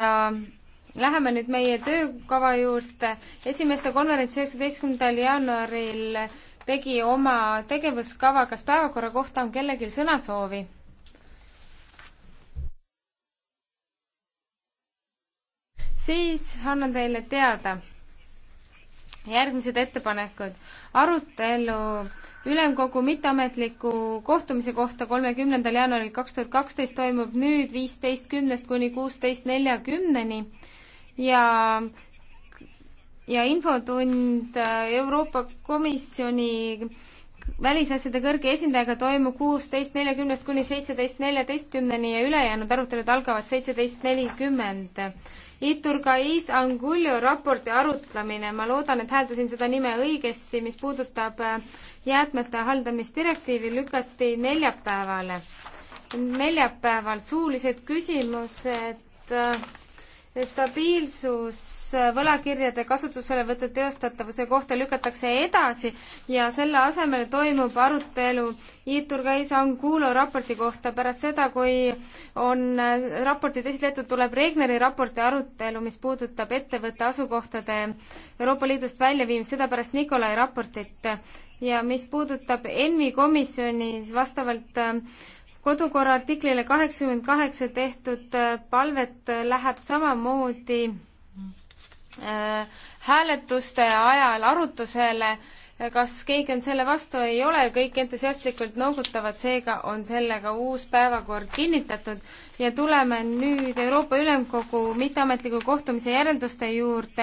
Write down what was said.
ja läheme nüüd meie töökava juurde. esimeste konverents üheksateistkümnendal jaanuaril tegi oma tegevuskava, kas päevakorra kohta on kellelgi sõnasoovi? siis annan teile teada järgmised ettepanekud. arutelu ülemkogu mitteametliku kohtumise kohta kolmekümnendal jaanuaril kaks tuhat kaksteist toimub nüüd viisteist kümnest kuni kuusteist neljakümneni ja ja infotund Euroopa Komisjoni välisasjade kõrge esindajaga toimub kuusteist neljakümnest kuni seitseteist neljateistkümneni ja ülejäänud arutelud algavad seitseteist nelikümmend. Iturgais Angulio raporti arutlemine, ma loodan, et hääldasin seda nime õigesti, mis puudutab äh, jäätmete haldamisdirektiivi, lükati neljapäevale. neljapäeval suulised küsimused äh, stabiilsus äh, võlakirjade kasutuselevõtu teostatavuse kohta lükatakse edasi ja selle asemel toimub arutelu Iturgais Angulo raporti kohta pärast seda, kui on äh, raportid esitletud, tuleb Regneri raporti arutelu, mis puudutab ettevõtte asukohtade Euroopa Liidust väljaviimist, seda pärast Nikolai raportit ja mis puudutab ENMi komisjonis vastavalt äh, kodukorra artiklile kaheksakümmend kaheksa tehtud äh, palvet äh, läheb samamoodi äh, hääletuste ajal arutusele, kas keegi on selle vastu, ei ole, kõik entusiastlikult noogutavad, seega on sellega uus päevakord kinnitatud ja tuleme nüüd Euroopa Ülemkogu mitteametliku kohtumise järelduste juurde.